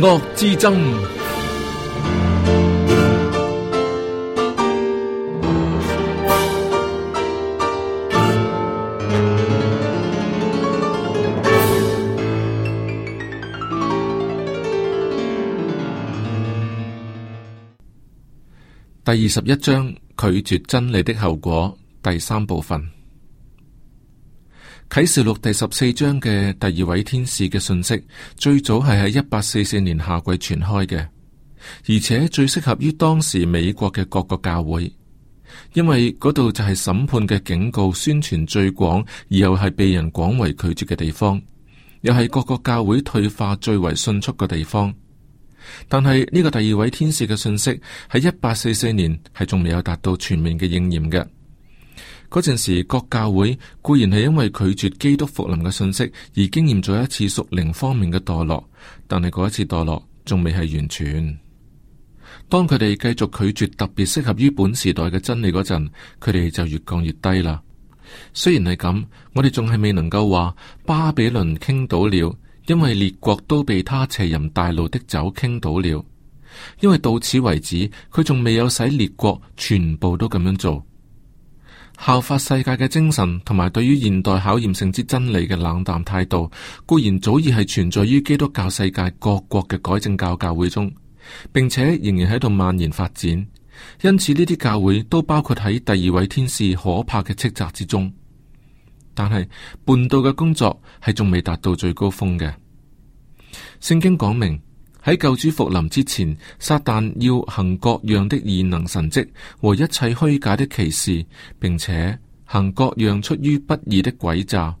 惡之爭，第二十一章：拒絕真理的後果，第三部分。啟示錄第十四章嘅第二位天使嘅信息，最早係喺一八四四年夏季傳開嘅，而且最適合於當時美國嘅各個教會，因為嗰度就係審判嘅警告宣傳最廣，而又係被人廣為拒絕嘅地方，又係各個教會退化最為迅速嘅地方。但係呢個第二位天使嘅信息，喺一八四四年係仲未有達到全面嘅應驗嘅。嗰陣時，各教會固然係因為拒絕基督復臨嘅信息而經驗咗一次屬靈方面嘅墮落，但係嗰一次墮落仲未係完全。當佢哋繼續拒絕特別適合於本時代嘅真理嗰陣，佢哋就越降越低啦。雖然係咁，我哋仲係未能夠話巴比倫傾倒了，因為列國都被他邪淫大怒的酒傾倒了。因為到此為止，佢仲未有使列國全部都咁樣做。效法世界嘅精神，同埋對於現代考驗性之真理嘅冷淡態度，固然早已係存在於基督教世界各國嘅改正教教會中，並且仍然喺度蔓延發展。因此呢啲教會都包括喺第二位天使可怕嘅斥責之中。但係叛道嘅工作係仲未達到最高峰嘅。聖經講明。喺救主復臨之前，撒旦要行各樣的異能神蹟和一切虛假的奇事，並且行各樣出於不義的詭詐。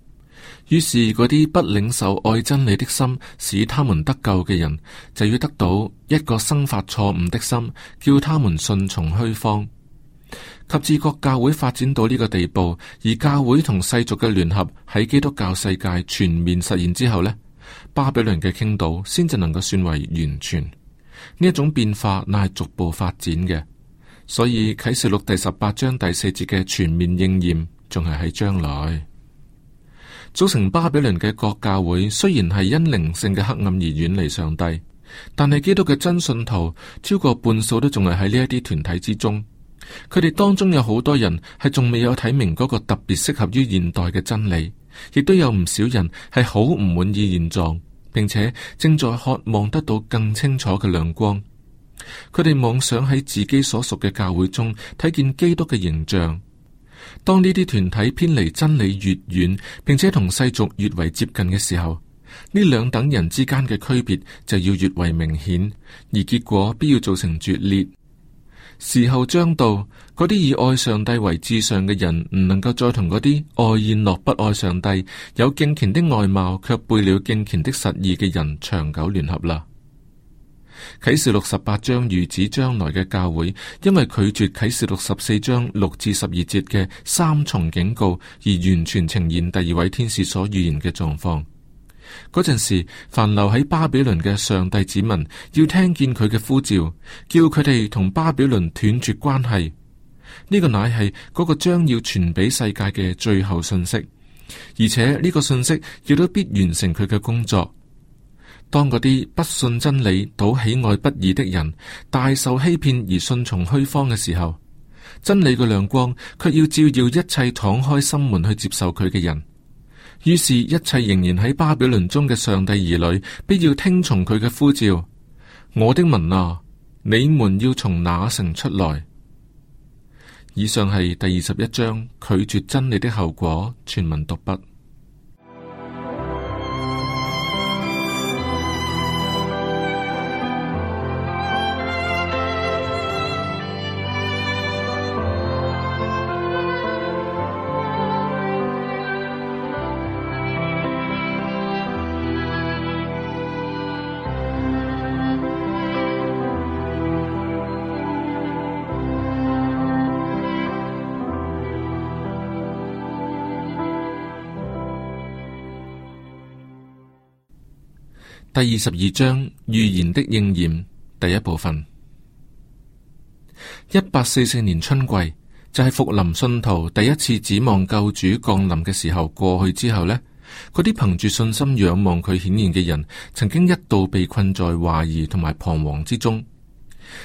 於是嗰啲不領受愛真理的心，使他們得救嘅人，就要得到一個生發錯誤的心，叫他們順從虛方。及至各教會發展到呢個地步，而教會同世俗嘅聯合喺基督教世界全面實現之後呢，巴比倫嘅傾倒先至能夠算為完全，呢一種變化乃係逐步發展嘅。所以啟示錄第十八章第四節嘅全面應驗，仲係喺將來。組成巴比倫嘅國教會，雖然係因靈性嘅黑暗而遠離上帝，但係基督嘅真信徒超過半數都仲係喺呢一啲團體之中。佢哋當中有好多人係仲未有睇明嗰個特別適合於現代嘅真理。亦都有唔少人係好唔滿意現狀，並且正在渴望得到更清楚嘅亮光。佢哋妄想喺自己所屬嘅教會中睇見基督嘅形象。當呢啲團體偏離真理越遠，並且同世俗越為接近嘅時候，呢兩等人之間嘅區別就要越為明顯，而結果必要造成決裂。時候將到，嗰啲以愛上帝為至上嘅人，唔能夠再同嗰啲愛宴樂、不愛上帝、有敬虔的外貌卻背了敬虔的實意嘅人長久聯合啦。啟示錄十八章預指將來嘅教會，因為拒絕啟示錄十四章六至十二節嘅三重警告，而完全呈現第二位天使所預言嘅狀況。嗰陣時，凡留喺巴比倫嘅上帝子民，要聽見佢嘅呼召，叫佢哋同巴比倫斷絕關係。呢、這個乃係嗰個將要傳俾世界嘅最後信息，而且呢個信息亦都必完成佢嘅工作。當嗰啲不信真理、倒喜愛不義的人，大受欺騙而信從虛謊嘅時候，真理嘅亮光卻要照耀一切敞開心門去接受佢嘅人。於是，一切仍然喺巴比倫中嘅上帝兒女，必要聽從佢嘅呼召。我的民啊，你們要從那城出來。以上係第二十一章拒絕真理的後果。全文讀畢。第二十二章預言的應驗，第一部分。一八四四年春季就係復臨信徒第一次指望救主降臨嘅時候過去之後呢，嗰啲憑住信心仰望佢顯現嘅人，曾經一度被困在懷疑同埋彷徨之中。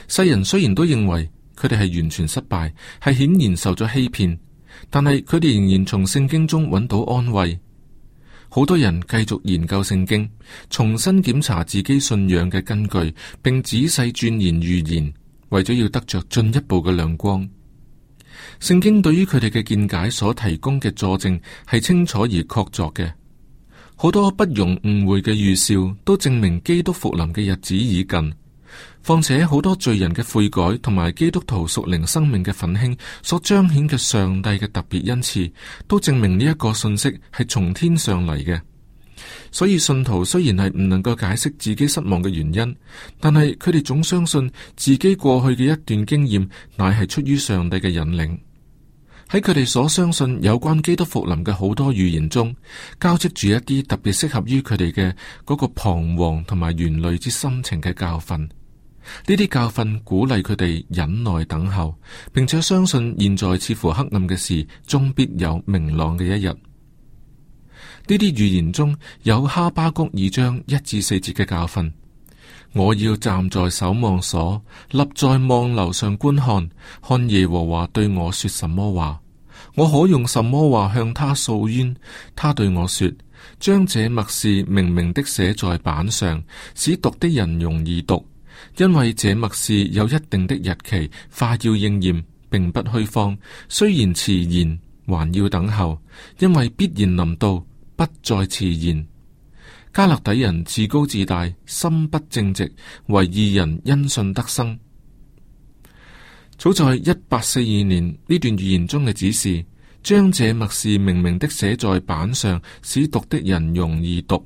世人雖然都認為佢哋係完全失敗，係顯然受咗欺騙，但係佢哋仍然從聖經中揾到安慰。好多人繼續研究聖經，重新檢查自己信仰嘅根據，並仔細鑽研預言，為咗要得着進一步嘅亮光。聖經對於佢哋嘅見解所提供嘅佐證係清楚而確鑿嘅。好多不容誤會嘅預兆都證明基督復臨嘅日子已近。況且好多罪人嘅悔改，同埋基督徒屬靈生命嘅奮興，所彰顯嘅上帝嘅特別恩賜，都證明呢一個信息係從天上嚟嘅。所以信徒雖然係唔能夠解釋自己失望嘅原因，但係佢哋總相信自己過去嘅一段經驗乃係出於上帝嘅引領。喺佢哋所相信有關基督復臨嘅好多預言中，交織住一啲特別適合於佢哋嘅嗰個彷徨同埋原類之心情嘅教訓。呢啲教訓鼓勵佢哋忍耐等候，並且相信現在似乎黑暗嘅事，終必有明朗嘅一日。呢啲預言中有哈巴谷二章一至四節嘅教訓。我要站在守望所，立在望樓上觀看，看耶和華對我說什麼話，我可用什麼話向他訴冤？他對我說：將這默示明明的寫在板上，使讀的人容易讀。因為這默示有一定的日期，快要應驗，並不虛謊。雖然遲延，還要等候，因為必然臨到，不再遲延。迦勒底人自高自大，心不正直，惟義人因信得生。早在一八四二年呢段預言中嘅指示，將這默示明明的寫在板上，使讀的人容易讀。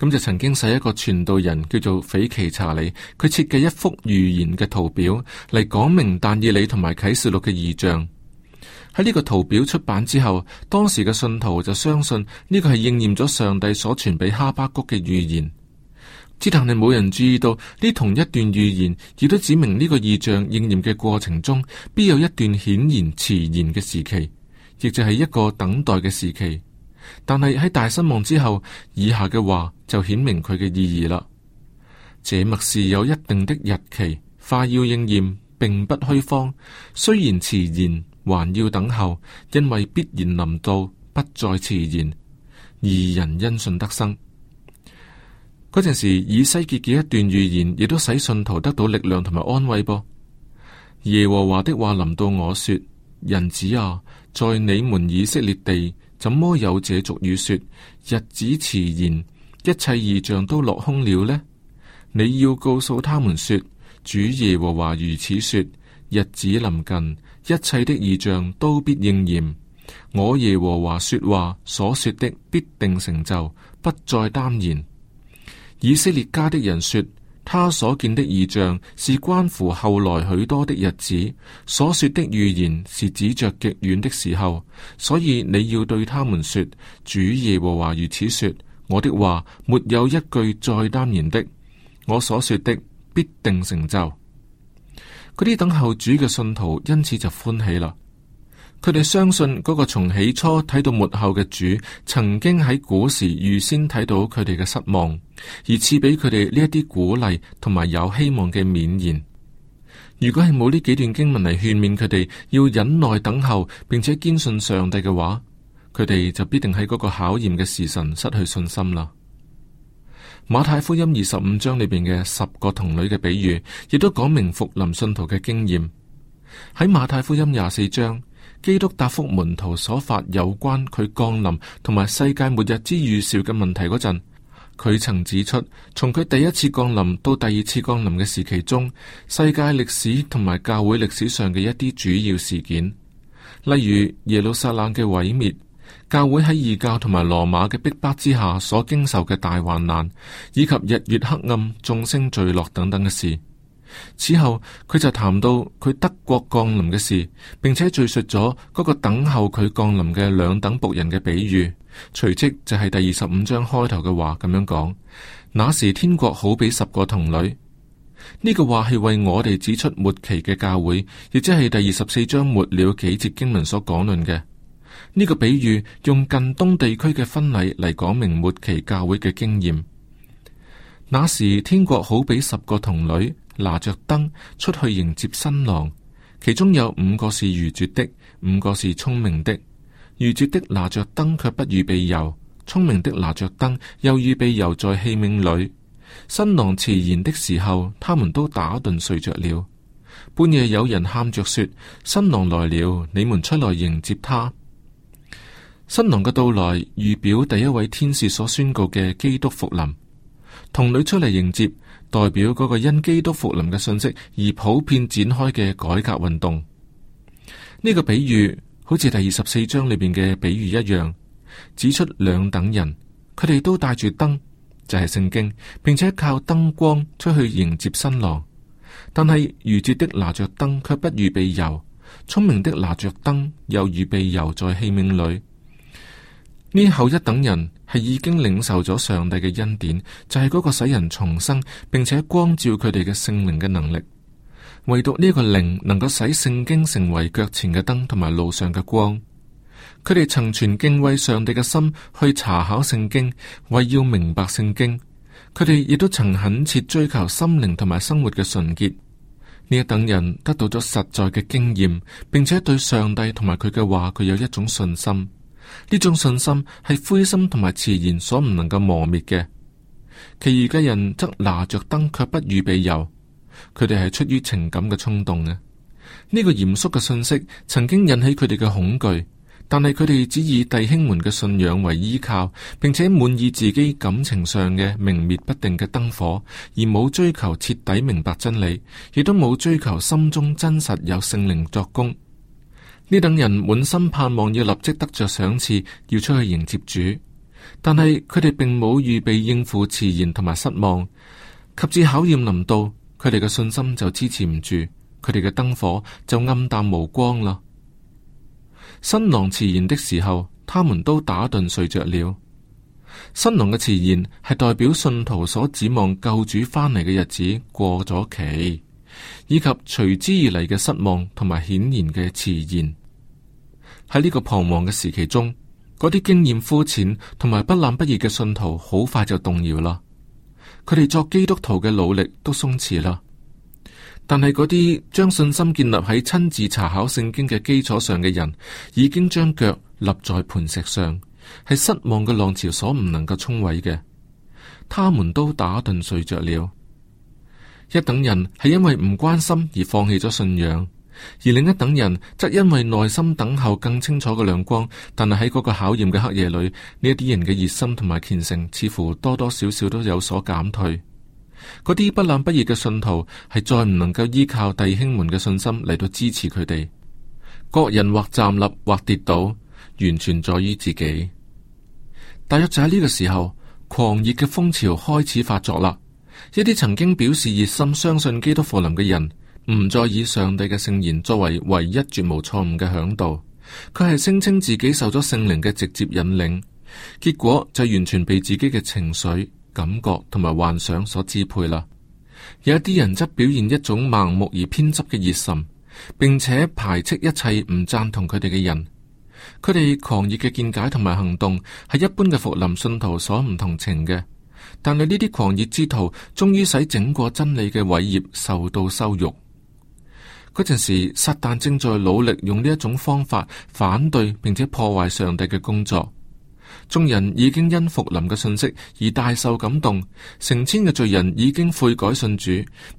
咁就曾經使一個傳道人叫做斐奇查理，佢設計一幅預言嘅圖表嚟講明但以理同埋啟示錄嘅異象。喺呢個圖表出版之後，當時嘅信徒就相信呢，這個係應驗咗上帝所傳俾哈巴谷嘅預言。只但係冇人注意到呢，同一段預言亦都指明呢個異象應驗嘅過程中，必有一段顯然遲延嘅時期，亦就係一個等待嘅時期。但係喺大失望之後，以下嘅話。就顯明佢嘅意義啦。這默示有一定的日期，快要應驗，並不虛謊。雖然遲延，還要等候，因為必然臨到，不再遲延。義人因信得生。嗰陣時，以西結嘅一段預言，亦都使信徒得到力量同埋安慰。噃耶和華的話臨到我說，人子啊，在你們以色列地，怎麼有這俗語說日子遲延？一切異象都落空了呢？你要告訴他們說，主耶和華如此說：日子臨近，一切的異象都必應驗。我耶和華說話所說的必定成就，不再耽延。以色列家的人說，他所見的異象是關乎後來許多的日子，所說的預言是指着極遠的時候。所以你要對他們說，主耶和華如此說。我的話沒有一句再擔言的，我所說的必定成就。嗰啲等候主嘅信徒因此就歡喜啦。佢哋相信嗰個從起初睇到末後嘅主，曾經喺古時預先睇到佢哋嘅失望，而賜俾佢哋呢一啲鼓勵同埋有希望嘅勉言。如果係冇呢幾段經文嚟勸勉佢哋要忍耐等候，並且堅信上帝嘅話。佢哋就必定喺嗰個考驗嘅時辰失去信心啦。馬太福音二十五章裏邊嘅十個童女嘅比喻，亦都講明復臨信徒嘅經驗。喺馬太福音廿四章，基督答覆門徒所發有關佢降臨同埋世界末日之預兆嘅問題嗰陣，佢曾指出，從佢第一次降臨到第二次降臨嘅時期中，世界歷史同埋教會歷史上嘅一啲主要事件，例如耶路撒冷嘅毀滅。教會喺異教同埋羅馬嘅逼迫之下所經受嘅大患難，以及日月黑暗、眾星墜落等等嘅事。此後，佢就談到佢德國降臨嘅事，並且敘述咗嗰個等候佢降臨嘅兩等僕人嘅比喻。隨即就係第二十五章開頭嘅話咁樣講：那時天國好比十個童女。呢、這個話係為我哋指出末期嘅教會，亦即係第二十四章末了幾節經文所講論嘅。呢個比喻用近東地區嘅婚禮嚟講明末期教會嘅經驗。那時天國好比十個童女拿着燈出去迎接新郎，其中有五個是愚拙的，五個是聰明的。愚拙的拿着燈卻不預備油，聰明的拿着燈又預備油在器皿裏。新郎遲延的時候，他們都打盹睡着了。半夜有人喊着說：新郎來了，你們出來迎接他。新郎嘅到來預表第一位天使所宣告嘅基督復臨，同女出嚟迎接，代表嗰個因基督復臨嘅信息而普遍展開嘅改革運動。呢、這個比喻好似第二十四章裏邊嘅比喻一樣，指出兩等人，佢哋都帶住燈，就係、是、聖經，並且靠燈光出去迎接新郎。但係愚拙的拿着燈，卻不預備油；聰明的拿着燈，又預備油在器皿裏。呢後一等人係已經領受咗上帝嘅恩典，就係嗰個使人重生並且光照佢哋嘅聖靈嘅能力。唯獨呢個靈能夠使聖經成為腳前嘅燈同埋路上嘅光。佢哋曾存敬畏上帝嘅心去查考聖經，為要明白聖經。佢哋亦都曾懇切追求心靈同埋生活嘅純潔。呢一等人得到咗實在嘅經驗，並且對上帝同埋佢嘅話，佢有一種信心。呢種信心係灰心同埋遲延所唔能夠磨滅嘅，其餘嘅人則拿着燈卻不予備油，佢哋係出於情感嘅衝動嘅。呢個嚴肅嘅信息曾經引起佢哋嘅恐懼，但係佢哋只以弟兄們嘅信仰為依靠，並且滿意自己感情上嘅明滅不定嘅燈火，而冇追求徹底明白真理，亦都冇追求心中真實有聖靈作工。呢等人滿心盼望要立即得着賞賜，要出去迎接主，但係佢哋並冇預備應付遲延同埋失望，及至考驗臨到，佢哋嘅信心就支持唔住，佢哋嘅燈火就暗淡無光啦。新郎遲延的時候，他們都打盹睡着了。新郎嘅遲延係代表信徒所指望救主返嚟嘅日子過咗期，以及隨之而嚟嘅失望同埋顯然嘅遲延。喺呢個彷徨嘅時期中，嗰啲經驗膚淺同埋不冷不熱嘅信徒好快就動搖啦。佢哋作基督徒嘅努力都鬆弛啦。但係嗰啲將信心建立喺親自查考聖經嘅基礎上嘅人，已經將腳立在磐石上，係失望嘅浪潮所唔能夠沖毀嘅。他們都打盹睡着了，一等人係因為唔關心而放棄咗信仰。而另一等人則因為耐心等候更清楚嘅亮光，但係喺嗰個考驗嘅黑夜裏，呢一啲人嘅熱心同埋虔誠似乎多多少少都有所減退。嗰啲不冷不熱嘅信徒係再唔能夠依靠弟兄們嘅信心嚟到支持佢哋，各人或站立或跌倒，完全在於自己。大約就喺呢個時候，狂熱嘅風潮開始發作啦，一啲曾經表示熱心相信基督福林嘅人。唔再以上帝嘅聖言作為唯一絕無錯誤嘅嚮導，佢係聲稱自己受咗聖靈嘅直接引領，結果就完全被自己嘅情緒、感覺同埋幻想所支配啦。有一啲人則表現一種盲目而偏執嘅熱心，並且排斥一切唔贊同佢哋嘅人。佢哋狂熱嘅見解同埋行動係一般嘅復臨信徒所唔同情嘅，但係呢啲狂熱之徒終於使整個真理嘅偉業受到羞辱。嗰陣時，撒旦正在努力用呢一種方法反對並且破壞上帝嘅工作。眾人已經因復臨嘅信息而大受感動，成千嘅罪人已經悔改信主，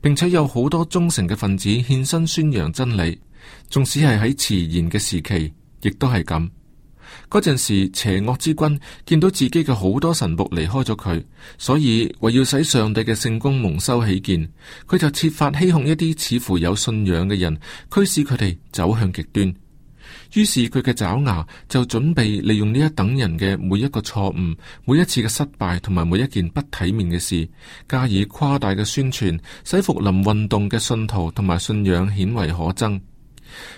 並且有好多忠誠嘅分子獻身宣揚真理。縱使係喺遲延嘅時期，亦都係咁。嗰陣時，邪惡之君見到自己嘅好多神僕離開咗佢，所以為要使上帝嘅聖工蒙羞起見，佢就設法欺哄一啲似乎有信仰嘅人，驅使佢哋走向極端。於是佢嘅爪牙就準備利用呢一等人嘅每一個錯誤、每一次嘅失敗同埋每一件不體面嘅事，加以誇大嘅宣傳，使復臨運動嘅信徒同埋信仰顯為可憎。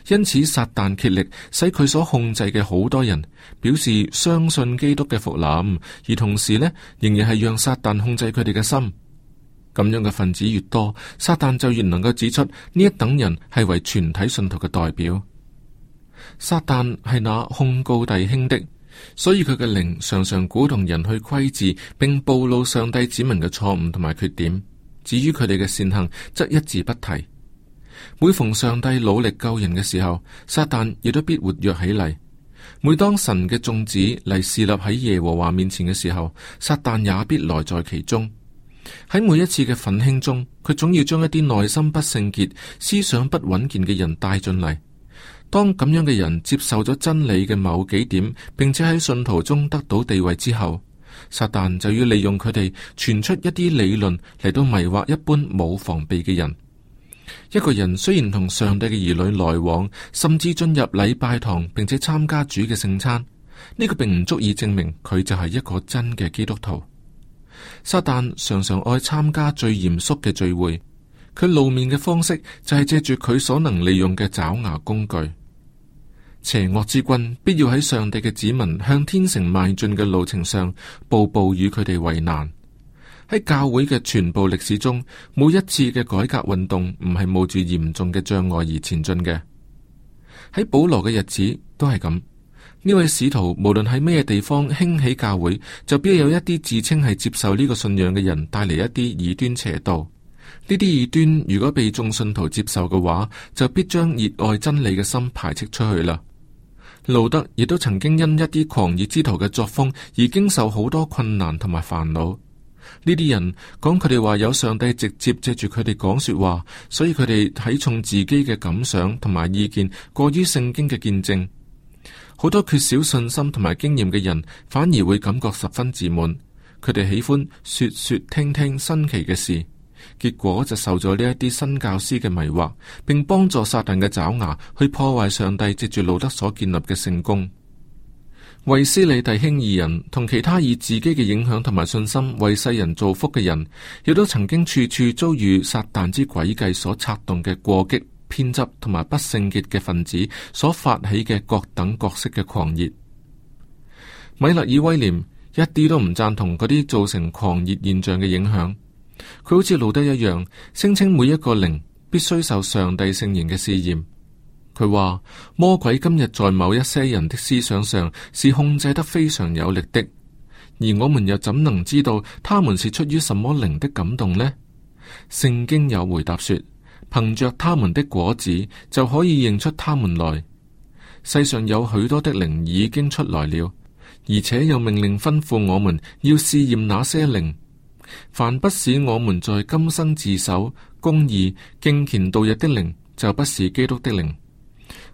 因此，撒旦竭力使佢所控制嘅好多人表示相信基督嘅復臨，而同時呢，仍然係讓撒旦控制佢哋嘅心。咁樣嘅分子越多，撒旦就越能夠指出呢一等人係為全體信徒嘅代表。撒旦係那控告弟兄的，所以佢嘅靈常常鼓動人去窺視，並暴露上帝子民嘅錯誤同埋缺點，至於佢哋嘅善行，則一字不提。每逢上帝努力救人嘅時候，撒旦亦都必活躍起嚟；每當神嘅眾子嚟侍立喺耶和華面前嘅時候，撒旦也必來在其中。喺每一次嘅奮興中，佢總要將一啲內心不聖潔、思想不穩健嘅人帶進嚟。當咁樣嘅人接受咗真理嘅某幾點，並且喺信徒中得到地位之後，撒旦就要利用佢哋傳出一啲理論嚟到迷惑一般冇防備嘅人。一個人雖然同上帝嘅兒女來往，甚至進入禮拜堂並且參加主嘅聖餐，呢、這個並唔足以證明佢就係一個真嘅基督徒。撒旦常常愛參加最嚴肅嘅聚會，佢露面嘅方式就係借住佢所能利用嘅爪牙工具。邪惡之君必要喺上帝嘅子民向天城邁進嘅路程上，步步與佢哋為難。喺教會嘅全部歷史中，冇一次嘅改革運動唔係冒住嚴重嘅障礙而前進嘅。喺保羅嘅日子都係咁，呢位使徒無論喺咩地方興起教會，就必有一啲自稱係接受呢個信仰嘅人帶嚟一啲異端邪道。呢啲異端如果被眾信徒接受嘅話，就必將熱愛真理嘅心排斥出去啦。路德亦都曾經因一啲狂熱之徒嘅作風而經受好多困難同埋煩惱。呢啲人講佢哋話有上帝直接借住佢哋講說話，所以佢哋睇重自己嘅感想同埋意見，過於聖經嘅見證。好多缺少信心同埋經驗嘅人，反而會感覺十分自滿。佢哋喜歡說說聽聽新奇嘅事，結果就受咗呢一啲新教師嘅迷惑，並幫助撒旦嘅爪牙去破壞上帝借住路德所建立嘅聖工。衛斯理弟兄二人同其他以自己嘅影響同埋信心為世人造福嘅人，亦都曾經處處遭遇撒旦之詭計所策動嘅過激、偏執同埋不聖潔嘅分子所發起嘅各等各色嘅狂熱。米勒耳威廉一啲都唔贊同嗰啲造成狂熱現象嘅影響。佢好似路德一樣，聲稱每一個靈必須受上帝聖言嘅試驗。佢話魔鬼今日在某一些人的思想上是控制得非常有力的，而我們又怎能知道他們是出於什麼靈的感動呢？聖經有回答說，憑着他們的果子就可以認出他們來。世上有許多的靈已經出來了，而且有命令吩咐我們要試驗那些靈。凡不使我們在今生自守、公義、敬虔度日的靈，就不是基督的靈。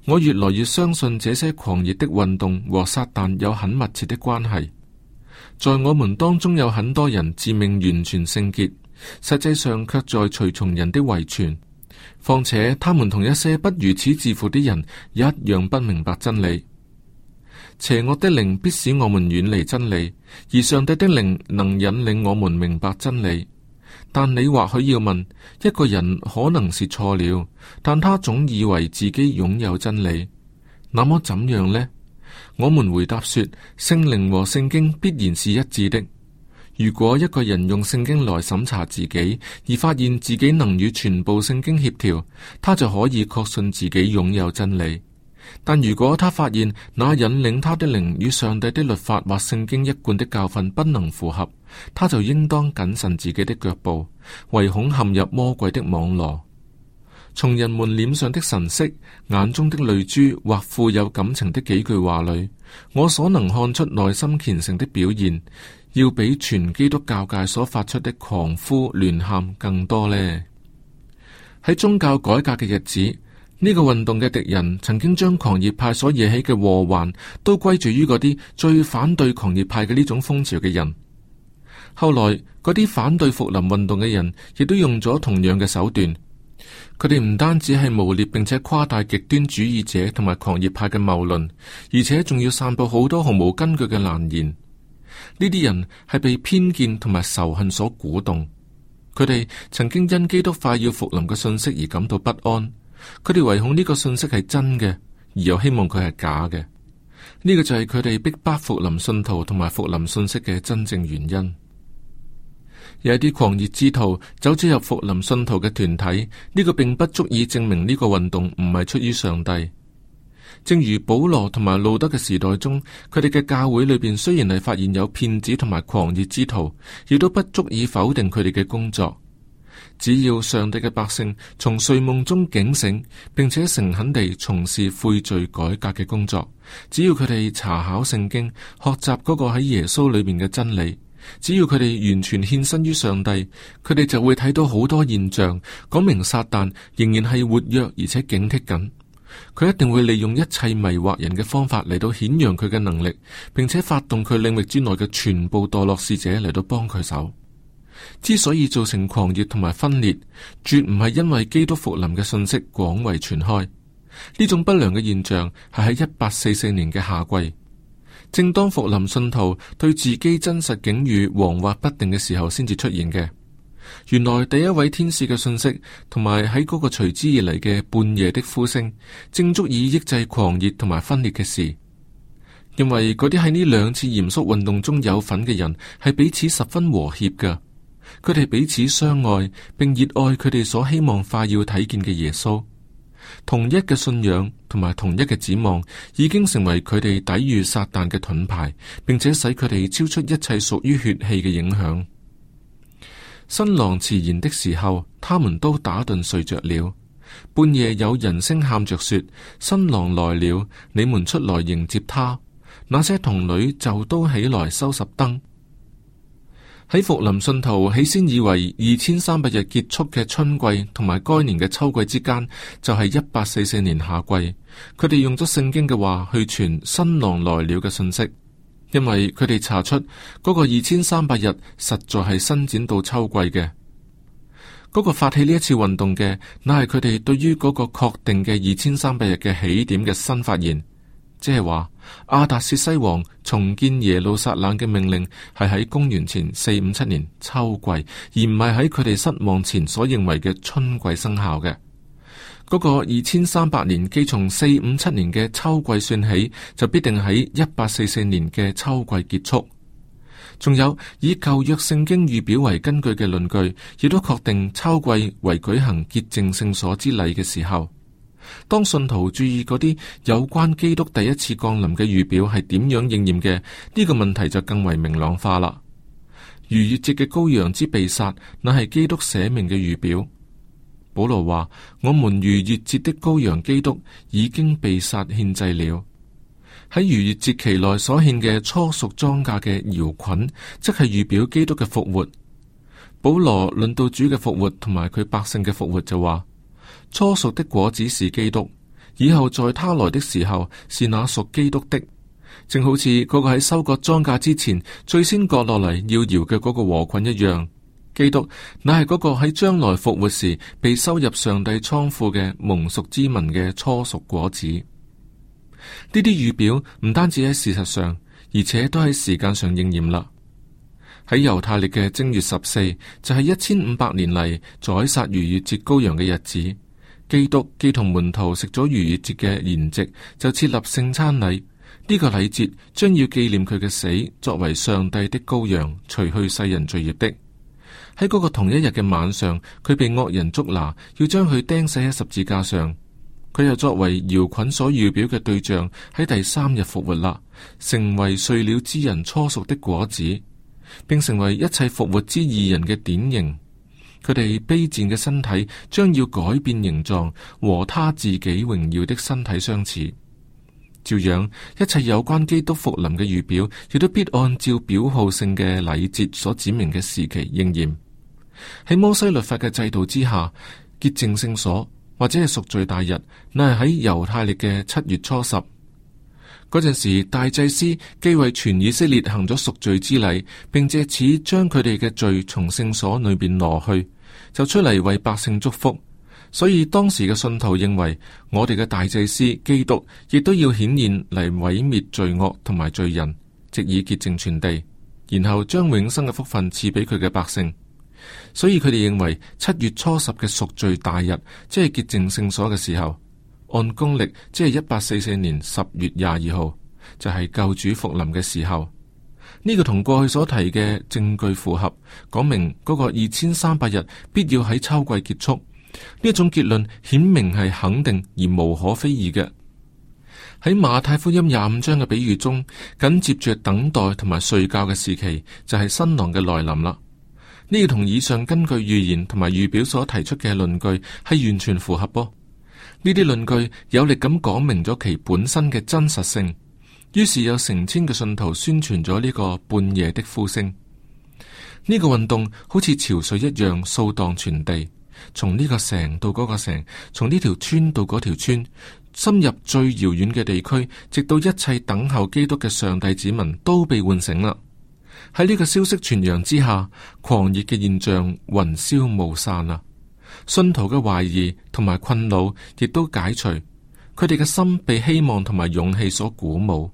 我越來越相信這些狂熱的運動和撒旦有很密切的關係。在我們當中有很多人自命完全聖潔，實際上却在隨從人的遺傳。況且他們同一些不如此自負的人一樣，不明白真理。邪惡的靈必使我們遠離真理，而上帝的靈能引領我們明白真理。但你或許要問：一個人可能是錯了，但他總以為自己擁有真理。那麼怎樣呢？我們回答說，聖靈和聖經必然是一致的。如果一個人用聖經來審查自己，而發現自己能與全部聖經協調，他就可以確信自己擁有真理。但如果他發現那引領他的靈與上帝的律法或聖經一貫的教訓不能符合，.他就應當謹慎自己的腳步，唯恐陷入魔鬼的網羅。從人們臉上的神色、眼中的淚珠或富有感情的幾句話裏，我所能看出內心虔誠的表現，要比全基督教界所發出的狂呼亂喊更多呢。喺宗教改革嘅日子，呢、這個運動嘅敵人曾經將狂熱派所惹起嘅禍患都歸罪於嗰啲最反對狂熱派嘅呢種風潮嘅人。後來嗰啲反對復臨運動嘅人，亦都用咗同樣嘅手段。佢哋唔單止係污衊，並且誇大極端主義者同埋狂熱派嘅謬論，而且仲要散佈好多毫無根據嘅難言。呢啲人係被偏見同埋仇恨所鼓動。佢哋曾經因基督快要復臨嘅信息而感到不安，佢哋唯恐呢個信息係真嘅，而又希望佢係假嘅。呢、這個就係佢哋逼迫復臨信徒同埋復臨信息嘅真正原因。有一啲狂熱之徒走咗入復臨信徒嘅團體，呢、這個並不足以證明呢個運動唔係出於上帝。正如保羅同埋路德嘅時代中，佢哋嘅教會裏邊雖然係發現有騙子同埋狂熱之徒，亦都不足以否定佢哋嘅工作。只要上帝嘅百姓從睡夢中警醒，並且誠懇地從事悔罪改革嘅工作，只要佢哋查考聖經，學習嗰個喺耶穌裏面嘅真理。只要佢哋完全獻身於上帝，佢哋就會睇到好多現象，講明撒旦仍然係活躍而且警惕緊。佢一定會利用一切迷惑人嘅方法嚟到顯揚佢嘅能力，並且發動佢領域之內嘅全部墮落使者嚟到幫佢手。之所以造成狂熱同埋分裂，絕唔係因為基督復臨嘅信息廣為傳開。呢種不良嘅現象係喺一八四四年嘅夏季。正當復臨信徒對自己真實境遇惶惑不定嘅時候，先至出現嘅。原來第一位天使嘅信息，同埋喺嗰個隨之而嚟嘅半夜的呼聲，正足以抑制狂熱同埋分裂嘅事。因為嗰啲喺呢兩次嚴肅運動中有份嘅人，係彼此十分和諧噶。佢哋彼此相愛，並熱愛佢哋所希望快要睇見嘅耶穌。同一嘅信仰同埋同一嘅指望，已經成為佢哋抵御撒旦嘅盾牌，並且使佢哋超出一切屬於血氣嘅影響。新郎遲延的時候，他們都打盹睡着了。半夜有人聲喊着說：新郎來了，你們出來迎接他。那些童女就都起來收拾燈。喺復臨信徒起先以為二千三百日結束嘅春季同埋該年嘅秋季之間就係一八四四年夏季，佢哋用咗聖經嘅話去傳新郎來了嘅信息，因為佢哋查出嗰個二千三百日實在係伸展到秋季嘅，嗰個發起呢一次運動嘅，乃係佢哋對於嗰個確定嘅二千三百日嘅起點嘅新發現。即係話，亞達薛西王重建耶路撒冷嘅命令係喺公元前四五七年秋季，而唔係喺佢哋失望前所認為嘅春季生效嘅。嗰、那個二千三百年，既從四五七年嘅秋季算起，就必定喺一八四四年嘅秋季結束。仲有以舊約聖經預表為根據嘅論據，亦都確定秋季為舉行潔淨聖所之禮嘅時候。當信徒注意嗰啲有關基督第一次降臨嘅預表係點樣應驗嘅呢個問題就更為明朗化啦。逾越節嘅羔羊之被殺，乃係基督捨命嘅預表。保羅話：我們逾越節的羔羊基督已經被殺獻祭了。喺逾越節期內所獻嘅初熟莊稼嘅搖捆，則係預表基督嘅復活。保羅論到主嘅復活同埋佢百姓嘅復活就話。初熟的果子是基督，以後在他來的時候是那屬基督的，正好似嗰個喺收割莊稼之前最先割落嚟要搖嘅嗰個禾捆一樣。基督乃係嗰個喺將來復活時被收入上帝倉庫嘅蒙屬之民嘅初熟果子。呢啲預表唔單止喺事實上，而且都喺時間上應驗啦。喺猶太曆嘅正月十四，就係一千五百年嚟宰殺逾越節羔羊嘅日子。基督既同門徒食咗逾越節嘅筵席，就設立聖餐禮。呢、這個禮節將要紀念佢嘅死，作為上帝的羔羊，除去世人罪孽的。喺嗰個同一日嘅晚上，佢被惡人捉拿，要將佢釘死喺十字架上。佢又作為搖菌所預表嘅對象，喺第三日復活啦，成為睡了之人初熟的果子，並成為一切復活之義人嘅典型。佢哋卑賤嘅身體將要改變形狀，和他自己榮耀的身體相似。照樣，一切有關基督復臨嘅預表，亦都必按照表號性嘅禮節所指明嘅時期應驗。喺摩西律法嘅制度之下，潔淨聖所，或者係贖罪大日，乃係喺猶太曆嘅七月初十。嗰陣時，大祭司既為全以色列行咗贖罪之禮，並借此將佢哋嘅罪從聖所裏邊挪去，就出嚟為百姓祝福。所以當時嘅信徒認為，我哋嘅大祭司基督亦都要顯現嚟毀滅罪惡同埋罪人，藉以潔淨全地，然後將永生嘅福分賜俾佢嘅百姓。所以佢哋認為七月初十嘅贖罪大日，即係潔淨聖所嘅時候。按公曆即係一八四四年十月廿二號，就係救主復臨嘅時候。呢個同過去所提嘅證據符合，講明嗰個二千三百日必要喺秋季結束。呢一種結論顯明係肯定而無可非議嘅。喺馬太福音廿五章嘅比喻中，緊接住等待同埋睡覺嘅時期，就係新郎嘅來臨啦。呢個同以上根據預言同埋預表所提出嘅論據係完全符合噃。呢啲論據有力咁講明咗其本身嘅真實性，於是有成千嘅信徒宣傳咗呢個半夜的呼聲。呢個運動好似潮水一樣掃蕩全地，從呢個城到嗰個城，從呢條村到嗰條村，深入最遙遠嘅地區，直到一切等候基督嘅上帝子民都被喚醒啦。喺呢個消息傳揚之下，狂熱嘅現象雲消霧散啦。信徒嘅懷疑同埋困惱，亦都解除，佢哋嘅心被希望同埋勇氣所鼓舞。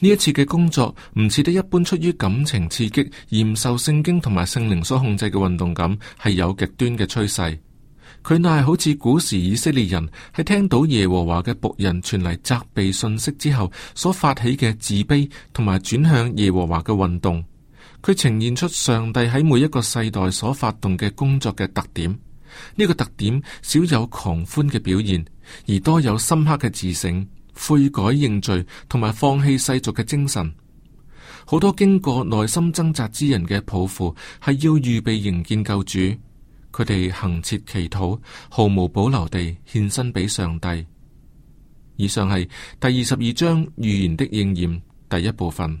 呢一次嘅工作唔似得一般出於感情刺激而唔受聖經同埋聖靈所控制嘅運動噉，係有極端嘅趨勢。佢乃係好似古時以色列人喺聽到耶和華嘅僕人傳嚟責備信息之後所發起嘅自卑同埋轉向耶和華嘅運動。佢呈現出上帝喺每一個世代所發動嘅工作嘅特點。呢個特點少有狂歡嘅表現，而多有深刻嘅自省、悔改、認罪同埋放棄世俗嘅精神。好多經過內心掙扎之人嘅抱負係要預備迎見救主，佢哋行切祈禱，毫無保留地獻身俾上帝。以上係第二十二章預言的應驗第一部分。